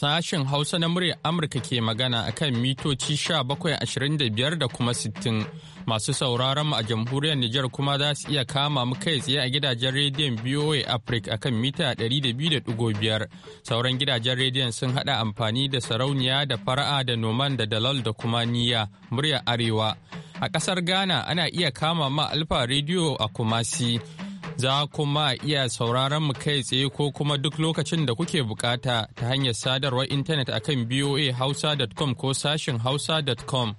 Sashen Hausa na murya Amurka ke magana a kan mitoci 1725 da kuma sittin Masu sauraron mu a jamhuriyar Nijar kuma za su iya kama mu kai tsaye a gidajen rediyon BOA Africa a kan mita 200.5. Sauran gidajen rediyon sun hada amfani da sarauniya da fara'a da noman da dalal da kuma niya murya Arewa. A ƙasar Ghana ana iya kama ma Alfa rediyo a Kumasi. za kuma iya sauraron mu kai tsaye ko kuma duk lokacin da kuke bukata ta hanyar sadarwar intanet akan voahausa.com ko sashin hausa.com.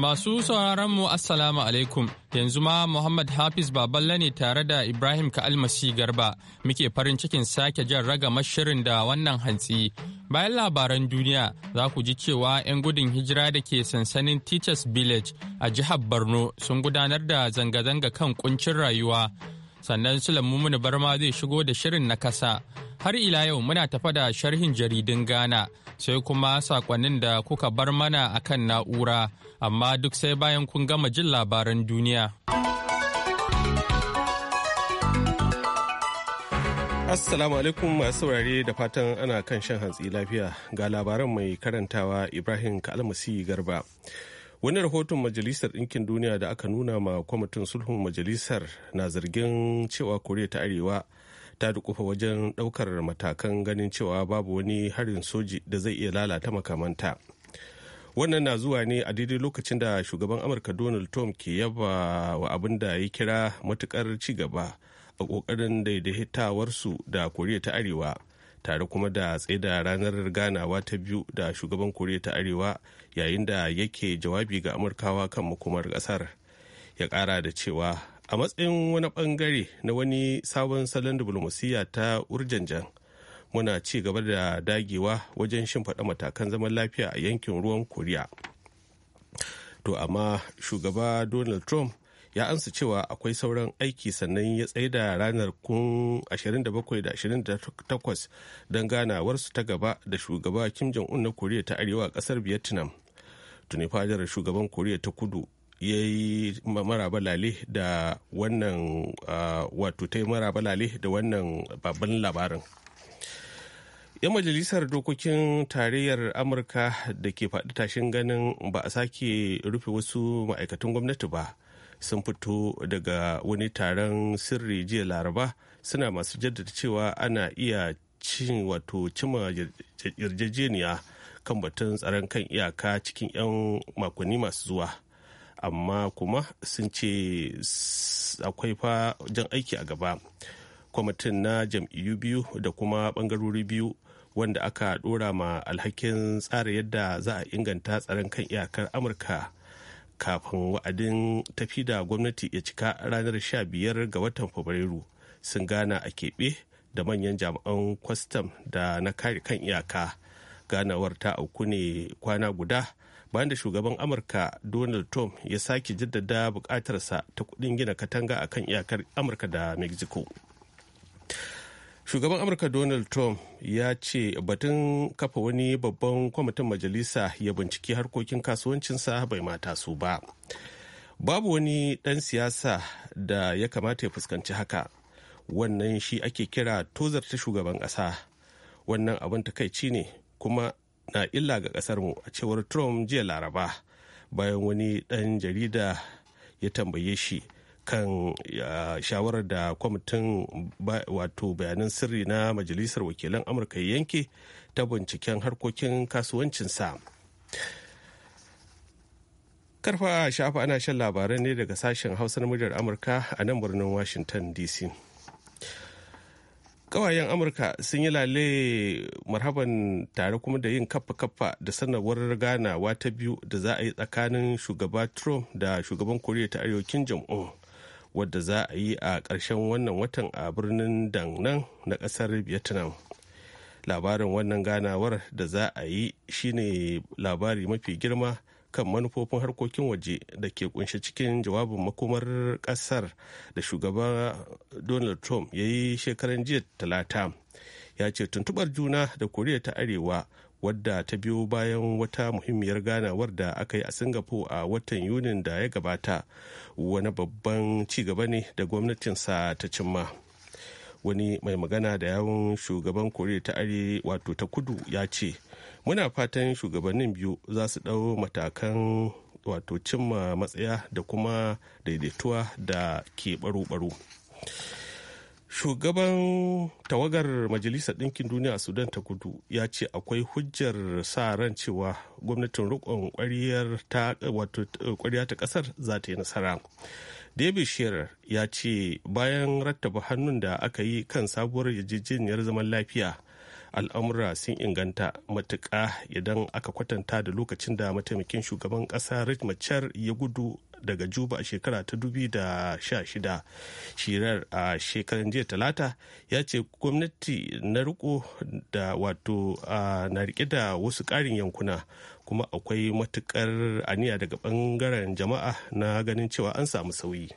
Masu sauraron mu Assalamu alaikum yanzu ma Muhammad Hafiz Baballe ne tare da Ibrahim Ka'almasi Garba muke farin cikin sake jan ragamar shirin da wannan hantsi. Bayan labaran duniya za ku ji cewa 'yan gudun hijira da ke sansanin Teachers Village a jihar Borno sun gudanar da zanga-zanga kan kuncin rayuwa. sannan Sulaimu Barma zai shigo da shirin na kasa. Har ila yau muna tafa da sharhin jaridun Ghana sai kuma sakonnin da kuka bar mana akan na'ura, amma duk sai bayan kun gama jin labaran duniya. Assalamu alaikum masu saurare da fatan ana kan shan hantsi lafiya ga labaran mai karantawa Ibrahim Kalmasi Garba. wani rahoton majalisar ɗinkin duniya da aka nuna ma kwamitin sulhun majalisar na zargin cewa koriya ta arewa ta dukufa wajen ɗaukar matakan ganin cewa babu wani harin soji da zai iya lalata makamanta wannan na zuwa ne a daidai lokacin da shugaban amurka donald trump ke yaba wa abin da ya kira matukar ci gaba a kokarin daidaitawarsu da koriya ta arewa tare kuma da tsaida ranar ganawa ta biyu da shugaban koriya ta arewa yayin da yake jawabi ga amurkawa kan makomar kasar ya kara da cewa a matsayin wani bangare na wani sabon salon diplomasiyya ta urjanjan muna ci gaba da dagewa wajen shimfaɗa matakan zaman lafiya a yankin ruwan koriya to amma shugaba donald trump ya ansa cewa akwai sauran aiki sannan ya tsaida ranar kun 27 da 28 don ganawarsu ta gaba da shugaba kim jong-un na koriya ta arewa kasar vietnam tuni fadar shugaban koriya ta kudu ya yi maraba lale da wannan wato ta yi maraba lale da wannan babban labarin yan majalisar dokokin tarayyar amurka da ke faɗi tashin ganin ba a sake rufe wasu ma'aikatan gwamnati ba sun fito daga wani taron sirri jiya laraba suna masu jaddada cewa ana iya cin wato cima yarjejeniya kan batun tsaron kan iyaka cikin 'yan makonni masu zuwa amma kuma sun ce akwai fa jan aiki a gaba kwamitin na jam'iyyu biyu da kuma bangarori biyu wanda aka dora ma alhakin tsara yadda za a inganta tsaron kan iyakar amurka kafin wa'adin tafi da gwamnati ya cika ranar 15 ga watan fabrairu sun gana a keɓe da manyan jami'an kwastam da na kare kan iyaka ganawar ta auku ne kwana guda bayan da shugaban amurka donald trump ya sake jaddada bukatarsa ta kudin gina katanga a kan iyakar amurka da mexico shugaban amurka donald trump ya ce batun kafa wani babban kwamitin majalisa ya binciki harkokin kasuwancinsa bai mata su ba babu wani ɗan siyasa da ya kamata ya fuskanci haka wannan shi ake kira tozarta shugaban ƙasa wannan abin takaici ne kuma na illa ga mu a cewar trump jiya laraba bayan wani ɗan jarida ya tambaye shi kan shawarar da kwamitin wato bayanan sirri na majalisar wakilan amurka ya yanke ta binciken harkokin kasuwancinsa karfa shafa ana shan labarai ne daga sashen hausa na muryar amurka a nan birnin washington dc kawayen amurka sun yi lale marhaban tare kuma da yin kaffa-kaffa da sanarwar ganawa ta biyu da za a yi tsakanin shugaba trump da shugaban koriya ta arewacin jam'un wadda za a yi a ƙarshen wannan watan a birnin dangnan na ƙasar Vietnam. Labarin wannan ganawar da za a yi shine labari mafi girma kan manufofin harkokin waje da ke kunshe cikin jawabin makomar ƙasar da shugaba Donald Trump ya yi shekaran jiya talata. Ya ce tuntubar juna da Koriya ta Arewa wadda ta biyo bayan wata muhimmiyar ganawar da aka yi a singapore a watan yunin da ya gabata wani babban ci gaba ne da gwamnatinsa ta cimma wani mai magana da yawon shugaban korea ta are wato ta kudu ya ce muna fatan shugabannin biyu za su ɗau matakan wato cimma matsaya da kuma daidaituwa da ke baro-baro shugaban tawagar majalisar ɗinkin duniya a sudan ta kudu ya ce akwai hujjar sa ran cewa gwamnatin rikon kwariya ta ƙasar za ta yi nasara david shearer ya ce bayan rattaba hannun da aka yi kan sabuwar yarjejeniyar zaman lafiya al'amura sun inganta matuƙa idan aka kwatanta da lokacin da mataimakin shugaban ƙasa rich machar ya gudu daga juba a shekara ta dubi da shida shirar a shekaran jiya talata ya ce gwamnati na riko da wato na rike da wasu ƙarin yankuna kuma akwai matukar aniya daga bangaren jama'a na ganin cewa an samu sauyi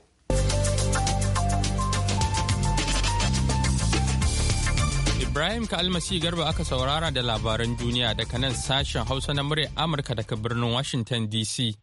Ibrahim Kalmasi Garba aka saurara da labaran duniya daga nan sashen Hausa na murya Amurka daga birnin Washington DC.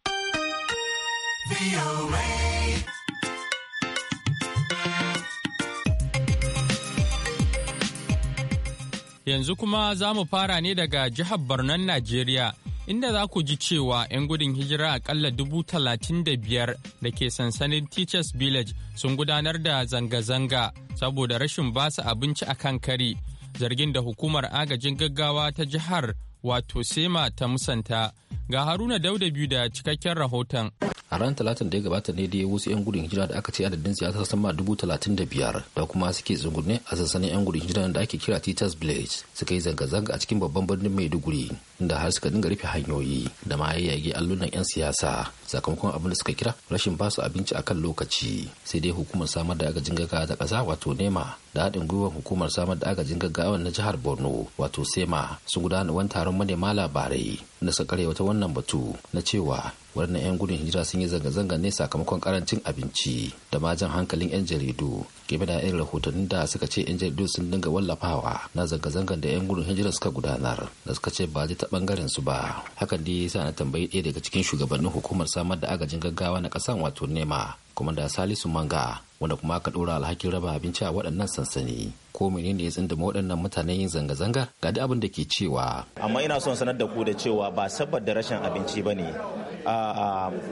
Yanzu kuma za mu fara ne daga jihar Barnon Najeriya, inda za ku ji cewa 'yan gudun hijira akalla dubu talatin da biyar da ke sansanin Teachers Village sun gudanar da zanga-zanga saboda rashin basu abinci a kan kari, zargin da hukumar agajin gaggawa ta jihar wato Sema ta musanta. Ga Haruna Dauda biyu da cikakken rahoton. a ranar talatin da ya gabata ne dai wasu 'yan gudun hijira da aka ce adadin su ya ta sama dubu talatin da biyar da kuma suke tsungunne a sassanin 'yan gudun hijira da ake kira titus village suka yi zanga-zanga a cikin babban birnin maiduguri inda har suka dinga rufe hanyoyi da ma yage allunan 'yan siyasa sakamakon abin da suka kira rashin basu abinci a kan lokaci sai dai hukumar samar da agajin gaggawa ta ƙasa wato nema da haɗin gwiwar hukumar samar da agajin gaggawa na jihar borno wato sema sun gudana wani taron manema labarai da suka wata wannan batu na cewa wannan 'yan gudun hijira sun yi zanga-zanga ne sakamakon karancin abinci da ma hankalin 'yan jaridu game da irin rahotannin da suka ce 'yan jaridu sun dinga wallafawa na zanga zangan da 'yan gudun hijira suka gudanar da suka ce ba zai ta bangaren su ba hakan dai yasa na tambayi ɗaya daga cikin shugabannin hukumar samar da agajin gaggawa na ƙasan wato nema kuma da salisu manga wanda kuma aka ɗora alhakin raba abinci a waɗannan sansani ko ne ya tsinda waɗannan mutanen yin zanga-zangar ga duk abin da ke cewa amma ina son sanar da ku da cewa ba da rashin abinci ba ne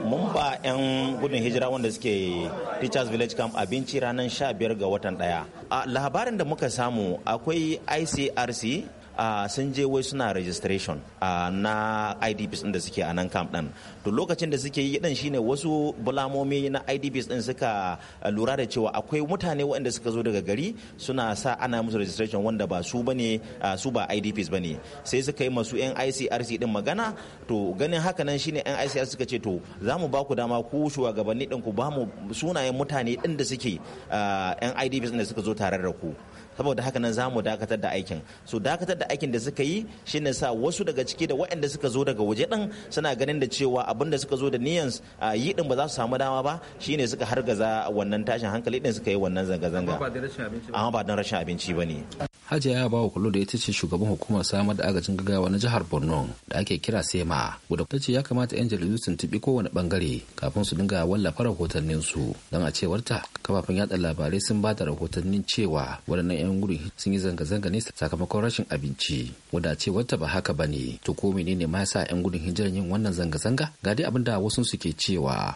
mun ba 'yan gudun hijira wanda suke teachers village camp abinci ranar 15 ga watan daya labarin da muka samu akwai icrc Ah, sun je wai suna registration ah, na idps din da suke a nan camp din to lokacin da suke yi din shine wasu bulamomi na idps din suka ah, lura da cewa akwai mutane waɗanda suka zo daga gari suna sa ana musu registration wanda ba su bane su ba idps bane sai suka yi masu nicrc din magana to ganin haka nan shine nicrc suka ce to za mu ba ku dama ku shugabanni din ku ba mu sunayen mutane din da suke yan idps din da suka zo tare da ku saboda haka nan zamu dakatar da aikin su dakatar da aikin da suka yi shine sa wasu daga ciki da waɗanda suka zo daga waje din suna ganin da cewa abin da suka zo da niyan yi din ba za su samu dama ba shine suka hargaza wannan tashin hankali din suka yi wannan zanga-zanga amma ba don rashin abinci ba ne hajiya ya bawa kullu da ita ce shugaban hukumar samar da agajin gaggawa na jihar borno da ake kira sema wadda ta ce ya kamata yan jaridu su tuntuɓi kowane bangare kafin su dinga wallafa rahotannin su don a cewarta kafafen yada labarai sun ba da rahotannin cewa waɗannan yan gudun sun yi zanga-zanga ne sakamakon rashin abinci wadda a ba haka ba ne to ko menene ma ya sa yan gudun hijira yin wannan zanga-zanga ga dai abin da wasu suke cewa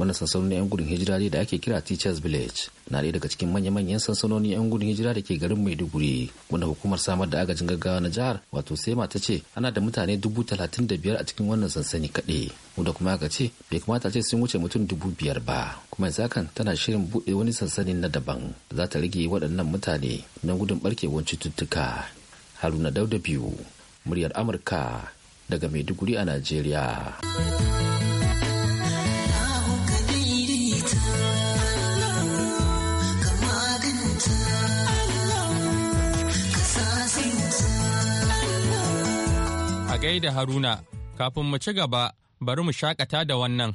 wannan sansanonin 'yan gudun hijira ne da ake kira teachers village na ɗaya daga cikin manya-manyan sansanonin 'yan gudun hijira da ke garin maiduguri wanda hukumar samar da agajin gaggawa na jihar wato sema ta ce ana da mutane dubu talatin da biyar a cikin wannan sansani kaɗai wanda kuma aka ce bai kamata ce sun wuce mutum dubu biyar ba kuma yanzu hakan tana shirin buɗe wani sansani na daban da za ta rage waɗannan mutane don gudun ɓarkewar cututtuka haruna dauda biyu muryar amurka daga maiduguri a najeriya. da Haruna, kafin mu ci gaba, bari mu shakata da wannan.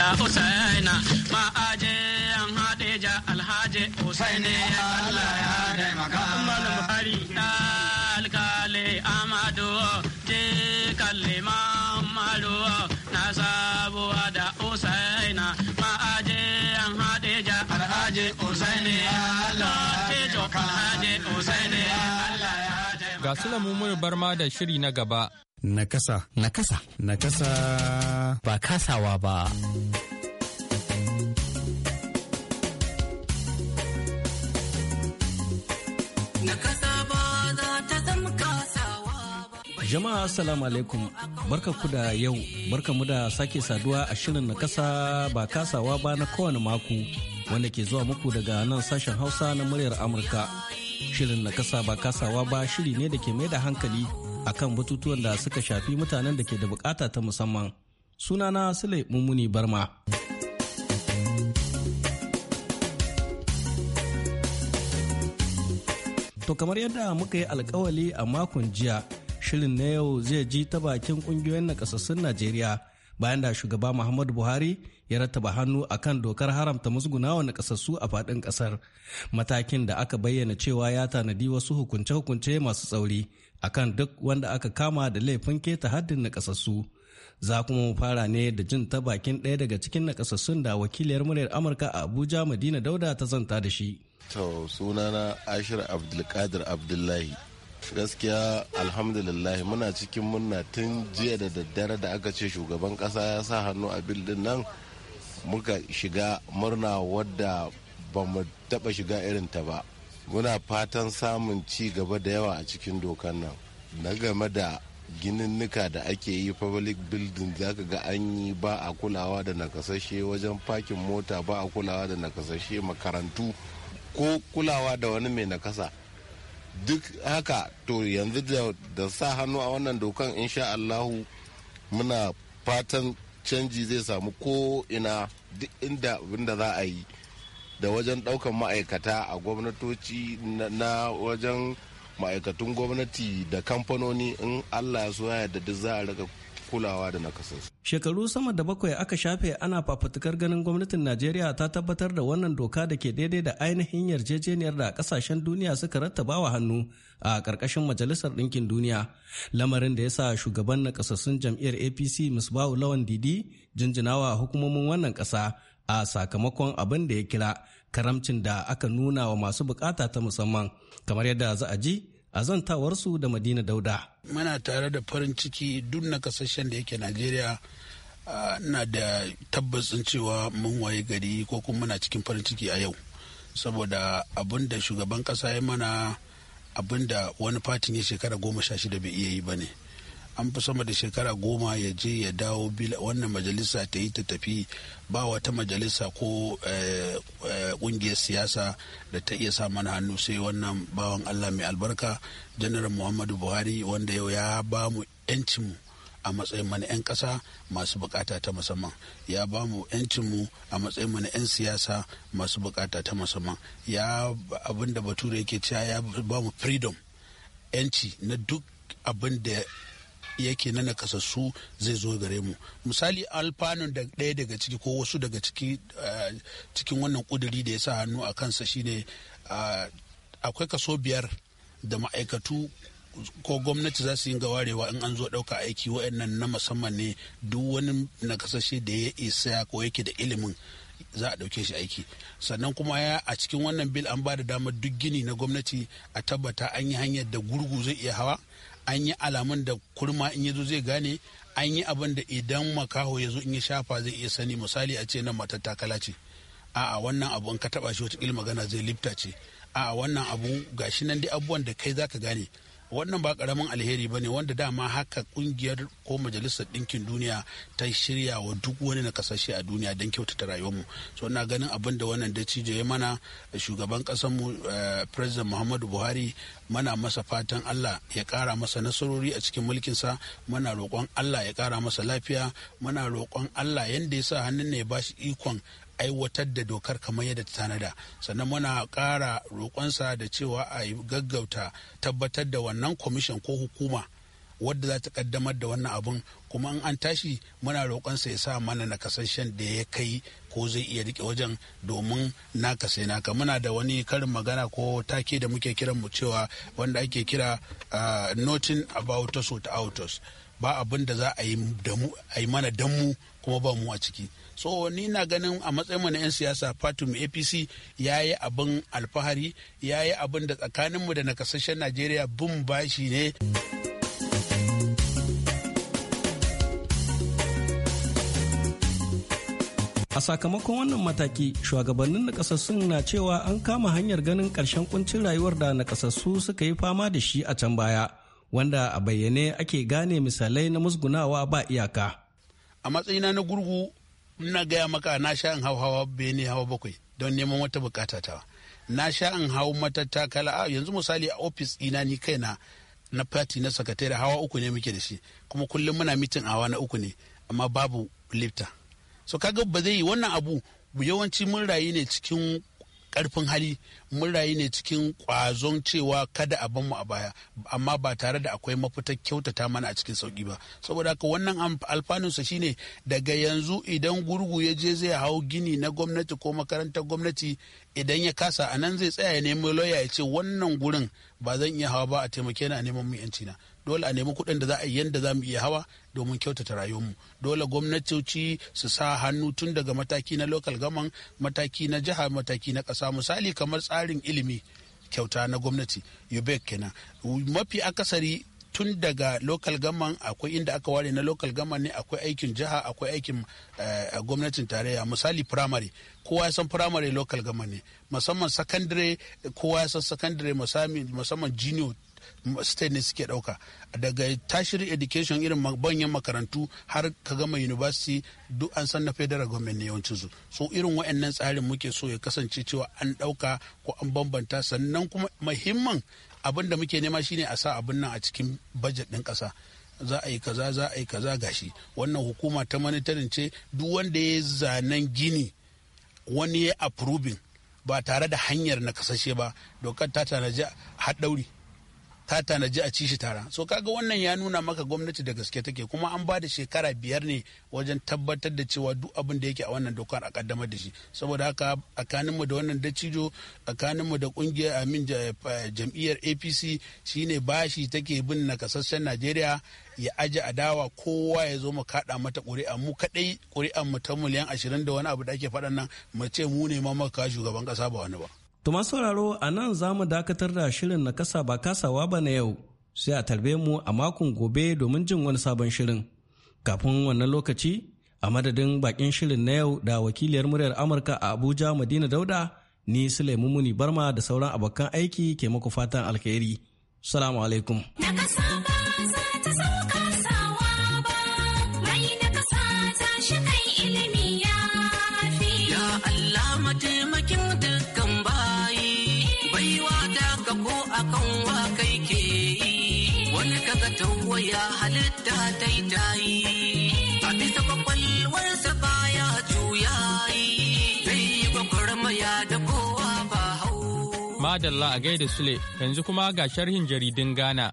da Usaina ma aje an haɗe ja alhaje Usaini Allah ya taimaka. Malam Buhari alkali Amadu je kalima Amadu na sabuwa da Usaina ma aje an haɗe ja alhaje Usaini Allah ya taimaka. Ga su lamumin barma da shiri na gaba Nakasa. Nakasa. Nakasa. Ba kasawa ba. Jama'a Assalamu alaikum barka ku da yau barka mu da sake saduwa a shirin na kasa ba kasawa ba na kowane mako wanda ke zuwa muku daga nan sashen hausa na muryar amurka shirin na kasa ba kasawa ba shiri ne da ke mai da hankali akan batutuwan da suka shafi mutanen da ke da bukata ta musamman. Sunana Sule Mummuni Barma. To kamar yadda muka yi alkawali a makon jiya, shirin na yau zai ji ta bakin kungiyoyin nakasassun Najeriya bayan da shugaba Muhammadu Buhari ya rattaba hannu akan dokar haramta musgunawa nakasassu a fadin kasar Matakin da aka bayyana cewa ya tanadi wasu hukunce-hukunce masu tsauri akan duk wanda aka kama da laifin keta haddin nakasassu za kuma mu fara ne da jin ta bakin ɗaya daga cikin nakasassun da wakiliyar muryar amurka a abuja madina dauda ta zanta da shi to sunana ashir abdulkadir abdullahi gaskiya alhamdulillah muna cikin murna tun jiya da daddare da aka ce shugaban kasa ya sa hannu a bil din nan muka shiga murna wadda ba mu taba shiga irin ta ba muna fatan samun ci gaba da yawa a cikin dokan nan na game da gininnika da ake yi public building zaka ga an yi ba a kulawa da nakasashe wajen fakin mota ba a kulawa da nakasashe makarantu ko kulawa da wani mai nakasa duk haka to yanzu da sa hannu a wannan dokan insha allahu muna fatan canji zai samu ko ina duk inda za a yi da wajen ɗaukar ma'aikata a gwamnatoci na wajen ma'aikatun gwamnati da kamfanoni in allah ya ya yarda duk za a rika kulawa da nakasarsu. Shekaru sama da bakwai aka shafe ana fafutukar ganin gwamnatin Najeriya ta tabbatar da wannan doka da ke daidai da ainihin yarjejeniyar da kasashen duniya suka rattabawa hannu a ƙarƙashin Majalisar Ɗinkin Duniya. Lamarin da ya sa shugaban na jam'iyyar APC Musbahu Lawan Didi jinjinawa hukumomin wannan ƙasa a sakamakon abin da ya kira karamcin da aka nuna wa masu bukata ta musamman kamar yadda za a ji a zantawarsu da madina dauda muna tare da farin ciki duk na kasashen da yake najeriya na da tabbacin cewa mun waye gari ko kuma muna cikin farin ciki a yau saboda abin da shugaban kasa ya mana abin da wani fatin ya shekara goma sha shida bai iya yi ba ne an fi sama da shekara goma ya je ya dawo wannan majalisa ta yi ta tafi ba wata majalisa ko kungiyar eh, eh, siyasa da ta iya sa mana hannu sai wannan bawan allah mai albarka janaral muhammadu buhari wanda yau ya ba mu 'yancinmu a matsayin mana 'yan ƙasa masu bukata ta musamman ya ba mu 'yancinmu a matsayin mana 'yan siyasa masu bukata ta musamman ya abinda bature yake cewa ya ba mu freedom 'yanci na duk abin da yake na nakasassu zai zo gare mu misali alfanun da ɗaya daga ciki ko wasu daga ciki eh, cikin wannan kuduri da ya sa hannu a kansa shine eh, akwai kaso biyar da ma'aikatu ko gwamnati za su yi gawarewa in an zo ɗauka aiki wa'annan na musamman ne duk wani nakasashe da ya isa ko yake da ilimin za a ɗauke shi aiki sannan kuma ya a cikin wannan bil an ba da damar duk gini na gwamnati a tabbata an yi hanyar da gurgu zai iya hawa an yi alamun da kurma in yazo zai gane an yi abin da idan makaho ya zo in ya shafa zai iya sani misali a ce nan matar takala ce a'a wannan abu in ka taba shi wata magana zai lifta ce a'a wannan abu gashi nan dai abubuwan da kai zaka gane wannan ba karamin alheri bane ne wanda dama haka kungiyar ko majalisar ɗinkin duniya ta shirya wa duk wani na kasashe a duniya don kyautata rayuwarmu so ina ganin abin da wannan da ya mana shugaban ƙasarmu eh, president muhammadu buhari mana masa fatan allah ya kara masa nasarori a cikin mulkin sa mana roƙon allah ya kara masa lafiya mana roƙon allah yanda ya sa hannun ne ya bashi ikon aiwatar da dokar kamar yadda ta tanada sannan muna ƙara roƙonsa da cewa a yi gaggauta tabbatar da wannan kwamishin ko hukuma wadda za ta kaddamar da wannan abun kuma in an tashi muna roƙonsa ya sa mana nakasashen da ya kai ko zai iya rike wajen domin naka sai naka muna da wani karin magana ko take da muke kiran mu cewa wanda ake kira notin about us without us ba abin da za a yi mana dan mu kuma ba mu a ciki so ni na ganin a matsayinmu na 'yan siyasa fatum apc ya yi abin alfahari ya yi abin da tsakaninmu da nakasashen najeriya bin bashi ne a sakamakon wannan mataki shugabannin nakasassun na cewa an kama hanyar ganin ƙarshen kuncin rayuwar da nakasassu suka yi fama da shi a can baya wanda a bayyane ake gane misalai na musgunawa ba iyaka a matsayina na gurgu ina gaya maka na sha in hau hawa bene hawa bakwai don neman wata bukata ta na sha in hau matattakala a yanzu misali a ofis ina ni kaina na fati na sakatare hawa uku ne muke da shi kuma kullum muna mitin hawa na uku ne amma babu lifta so kaga ba zai yi wannan abu yawanci mun rayu ne cikin karfin hali mun rayu ne cikin kwazon cewa kada a banmu a baya amma ba tare da akwai mafita kyautata mana a cikin sauki ba saboda haka wannan alfanunsa shine daga yanzu idan gurgu ya je zai hau gini na gwamnati ko makarantar gwamnati idan ya kasa a nan zai tsaya ya nemi lauya ya ce wannan gurin ba zan iya hawa ba a taimake na neman mu yanci na dole a nemi kuɗin da za a yi yadda za mu iya hawa domin kyautata rayuwarmu dole gwamnatoci su sa hannu tun daga mataki na local gaman mataki na jiha mataki na ƙasa misali kamar tsarin ilimi kyauta na gwamnati ubek kenan mafi akasari tun daga local gaman akwai inda aka ware na lokal gaman ne akwai aikin jiha akwai aikin uh, gwamnatin tarayya misali primary kowa ya san primary local gaman ne musamman secondary kowa ya san secondary musamman junior state ne suke dauka daga tashiri education irin banyan makarantu har ka gama university duk an san na federal government ne yawancin su so irin wa'annan tsarin muke so ya kasance cewa an dauka ko an bambanta sannan kuma muhimman abin da muke nema shine a sa abin nan a cikin budget din kasa za a yi kaza za a yi kaza gashi wannan hukuma ta manitarin ce duk wanda ya zanen gini wani ya approving ba tare da hanyar na kasashe ba dokar ta tanaji haɗauri ta tanaji a ci shi tara so kaga wannan ya nuna maka gwamnati da gaske take kuma an ba da shekara biyar ne wajen tabbatar da cewa duk abin da yake a wannan dokar a kaddamar da shi saboda haka tsakaninmu da wannan dacijo tsakaninmu da kungiyar amin eh, jam'iyyar apc shine bashi take bin nakasassen najeriya ya aji adawa kowa ya zo mu kaɗa mata ƙuri'a mu kaɗai ƙuri'an mu ta miliyan ashirin da wani abu da ake faɗan nan mu ce mu ne ma maka shugaban ƙasa ba wani ba. Tuma sauraro a nan za mu dakatar da shirin na kasa ba kasawa ba na yau sai a tarbe mu a makon gobe domin jin wani sabon shirin. Kafin wannan lokaci a madadin bakin shirin na yau da wakiliyar muryar Amurka a Abuja Madina Dauda ni Sulaimu Muni Barma da sauran abokan aiki ke muku fatan alkhairi. Salamu alaikum. rinjayi a bisa kwakwalwarsa baya juyayi zai yi gwagwarmaya da kowa ba hau. Madalla a gaida Sule, yanzu kuma ga sharhin jaridun Ghana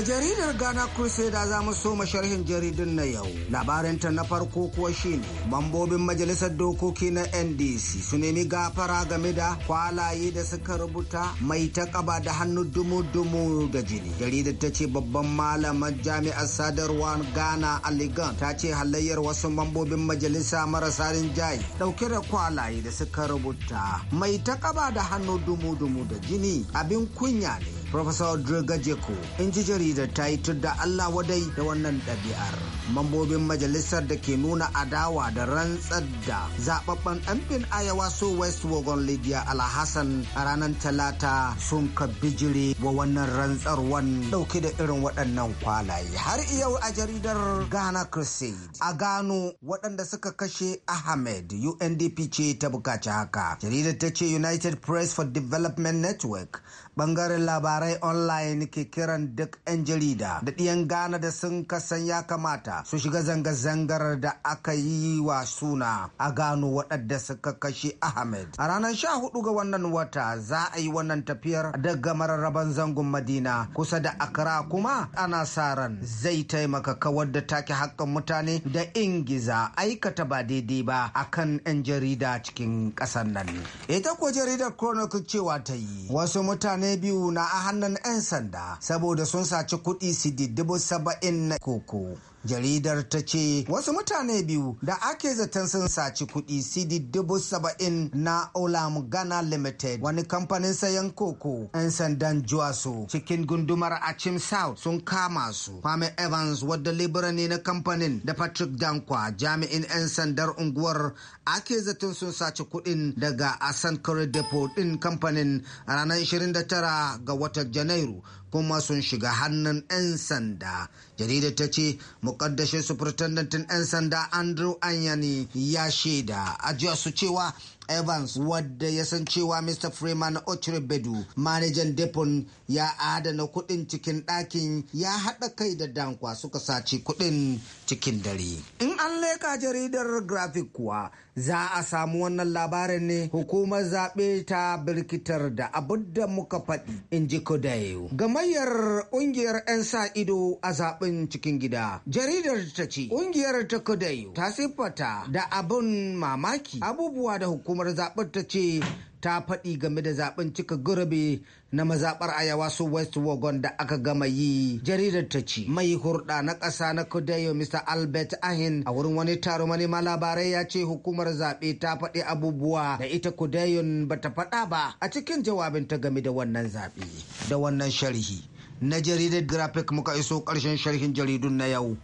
Da jaridar Ghana Crusader za mu so sharhin jaridun na yau. Labarinta na farko kuwa shine mambobin majalisar dokoki na NDC su nemi gafara game da kwalaye da suka rubuta mai takaba da hannu dumu-dumu da jini. Jaridar ta ce babban malamar jami'ar sadarwa Ghana Aligan ta ce halayyar wasu mambobin majalisa marasa rinjaye dauke da kwalaye da suka rubuta mai takaba da hannu dumu-dumu da jini abin kunya ne. Professor Dragajeko in ji jaridar ta yi da Allah wadai da wannan ɗabi'ar. Mambobin majalisar da ke nuna adawa da rantsar da zaɓaɓɓen ɗanfin Ayawa su West Wagon Libya Alhassan a ranar Talata sun ka bijire wa wannan rantsarwan ɗauke da irin waɗannan kwalaye. Har yau a jaridar Ghana Crusade a gano waɗanda suka kashe Ahmed UNDP ce ta bukaci haka. Jaridar ta ce United Press for Development Network bangaren labarai online ke kiran duk 'yan jarida da ɗiyan gana da sun kasan ya kamata su shiga zanga-zangar da aka yi wa suna a gano waɗanda suka kashe Ahmed. A ranar sha hudu ga wannan wata za a yi wannan tafiyar daga mararraban zangon Madina kusa da akra kuma ana sa ran zai taimaka kawar da take hakan mutane da ingiza aikata ba daidai ba akan 'yan jarida cikin ƙasar nan. Ita ko jaridar Chronicle cewa ta yi wasu mutane mutane biyu na a hannun 'yan sanda saboda sun saci kuɗi sididdibu saba'in na koko. jaridar ta ce wasu mutane biyu da ake zaton sun saci kuɗi cd dubu saba'in na olam ghana limited wani kamfanin sayan koko 'yan sandan juwaso cikin gundumar achim south sun kama su kwame evans wadda libra ne na kamfanin da patrick dankwa jami'in 'yan sandar unguwar ake zaton sun saci kuɗin daga asan depot din kamfanin ranar 29 ga watan janairu kuma sun shiga hannun 'yan sanda jaridar ta ce mukaddashin sufurtandantin 'yan sanda andrew anyani ya shaida ajiya su cewa Evans wadda ya san cewa Mr. Freeman Ochrebedu manajan depon ya adana kuɗin cikin ɗakin ya haɗa kai da dankwa suka saci kuɗin cikin dare. In an leka jaridar graphic kuwa za a samu wannan labarin ne hukumar zaɓe ta birkitar da abin da muka faɗi in ji Kodayo. Gamayyar ƙungiyar 'yan sa ido a zaɓen cikin gida. Jaridar ta ce ƙungiyar ta Kodayo ta siffata da abin mamaki abubuwa da hukumar hukumar zaɓen ta ce ta faɗi game da zaɓen cika gurabe na mazaɓar ayawasu su west wagon da aka gama yi jaridar ta ce mai hurɗa na ƙasa na kudayo mr albert ahin a wurin wani taro manema labarai ya ce hukumar zaɓe ta faɗi abubuwa da ita kudayon ba ta faɗa ba a cikin jawabin ta game da wannan zaɓe da wannan sharhi na jaridar graphic muka iso karshen sharhin jaridun na yau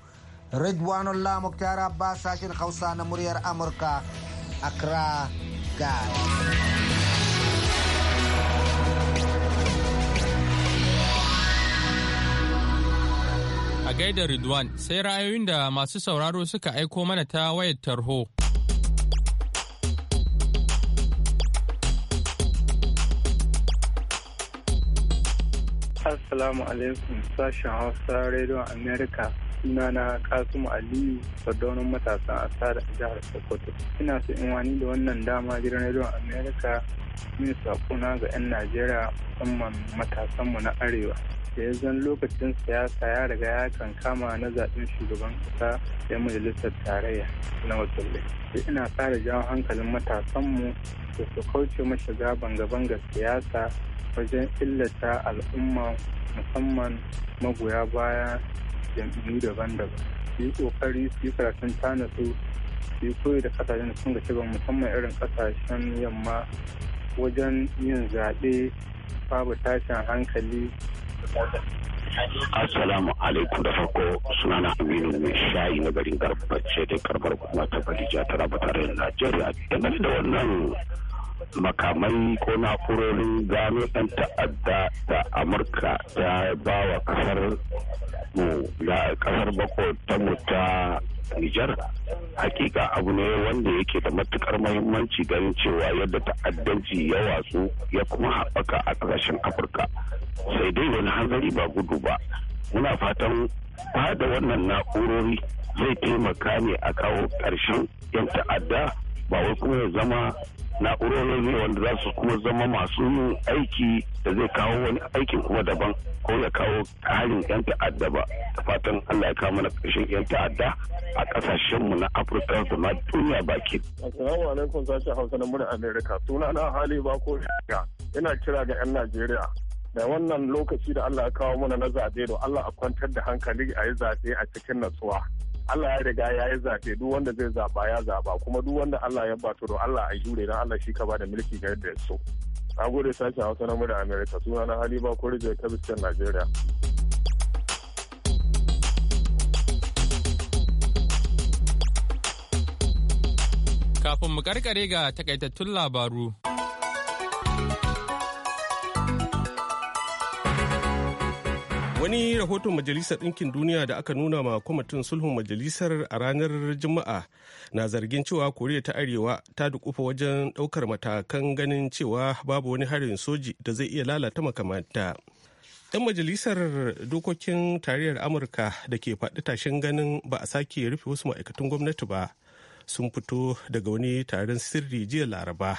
Ridwanullah Muktar Abbas sashen Hausa na muryar Amurka, Accra, God. a gaida Ridwan sai ra'ayoyin da masu sauraro suka aiko mana ta wayar tarho. Assalamu alaikum sashen Hausa Radio America suna na kasu aliyu sardaunin matasan asa da jihar sokoto ina so in wani da wannan dama gidan rediyon amerika min sakona ga 'yan najeriya musamman matasanmu na arewa da ya zan lokacin siyasa ya riga ya kan kama na zaɓen shugaban ƙasa da majalisar tarayya na wakilai sai ina tsara jawo hankalin matasanmu da su kauce gaban-gaban ga siyasa wajen illata al'umma musamman magoya baya jam'iyyu daban-daban su yi ƙoƙari su yi karatun tana su su yi koyi da kasashen sun ga shiga musamman irin kasashen yamma wajen yin zaɓe babu tashin hankali Assalamu alaikum da farko sunana Aminu mai shayi na garin garbace da karbar kuma ta Balija ta raba tare da Najeriya. Dangane da wannan makamai ko na'urorin gano 'yan ta'adda da amurka ta ba wa kasar kasar bako ta ta nijar hakika abu ne wanda yake da matukar mahimmanci ganin cewa yadda ta'addanci ya watsu ya kuma haɓaka a ƙasashen afirka sai dai wani hanzari ba gudu ba muna fatan ba da wannan na'urori zai taimaka ne a kawo ƙarshen 'yan ta'adda ba wai kuma ya zama na'urori ne wanda za su kuma zama masu yin aiki da zai kawo wani aikin kuma daban ko ya kawo halin 'yan ta'adda ba da fatan allah ya kawo mana ƙarshen 'yan ta'adda a ƙasashenmu na afirka da ma duniya baki. assalamu alaikum sashen hausa na murin amerika suna na hali ba ko shiga ina kira ga 'yan najeriya da wannan lokaci da allah ya kawo mana na zaɓe da allah a kwantar da hankali a yi zaɓe a cikin natsuwa. Allah ya riga ya yi zaɓe duk wanda zai zaɓa ya zaɓa kuma duk wanda Allah ya ba turo Allah a jure dan Allah shi ka ba da mulki ga yadda ya so. Na gode sashen Hausa na murar Amerika suna na ba zai ta Bistan Najeriya. Kafin mu karkare ga takaitattun labaru. wani rahoton majalisar ɗinkin duniya da aka nuna ma kwamitin sulhun majalisar a ranar juma'a na zargin cewa koriya ta arewa ta dukufa wajen ɗaukar matakan ganin cewa babu wani harin soji da zai iya lalata makamanta yan majalisar dokokin tarayyar amurka da ke faɗi tashin ganin ba a sake rufe wasu ma'aikatan gwamnati ba sun fito daga wani taron sirri jiya laraba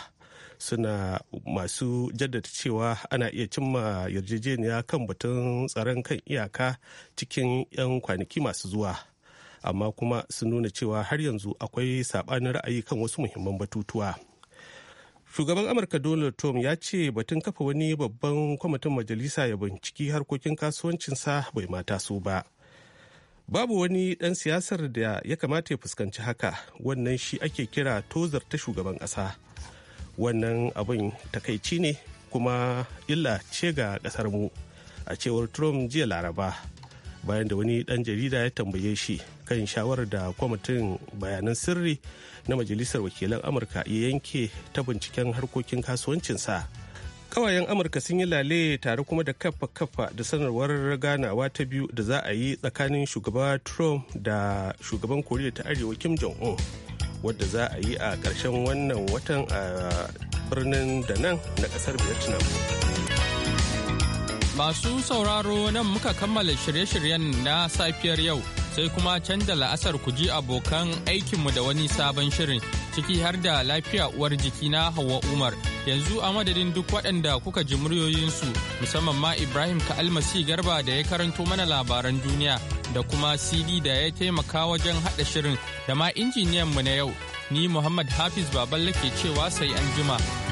suna masu jaddada cewa ana iya cimma yarjejeniya kan batun tsaron kan iyaka cikin 'yan kwanaki masu zuwa amma kuma sun nuna cewa har yanzu akwai saɓanin ra'ayi kan wasu muhimman batutuwa shugaban amurka donald trump ya ce batun kafa wani babban kwamitin majalisa ya binciki harkokin kasuwancinsa bai mata su ba babu wani ɗan siyasar da ya kamata ya fuskanci haka wannan shi ake kira tozar ta shugaban ƙasa wannan abin takaici ne kuma illa ce ga kasar mu a cewar trump jiya laraba bayan da wani dan jarida ya tambaye shi kan shawarar da kwamitin bayanan sirri na majalisar wakilan amurka ya yanke ta binciken harkokin kasuwancinsa kawayen amurka sun yi lale tare kuma da kafa kafa da sanarwar ganawa ta biyu da za a yi tsakanin shugaba trump da shugaban koriya ta arewa kim jong-un wadda za a yi a ƙarshen wannan watan a birnin da nan na ƙasar vietnam masu sauraro nan muka kammala shirye-shiryen na safiyar yau sai kuma canza la'asar ku ji abokan aikinmu da wani sabon shirin ciki har da lafiya uwar jiki na hawa umar yanzu a madadin duk waɗanda kuka ji muryoyinsu musamman ma ibrahim ka almasi garba da ya karanto mana labaran duniya da kuma CD da ya taimaka wajen haɗa shirin da ma injiniyanmu na yau, ni Muhammad Hafiz Baballe ke cewa sai an jima.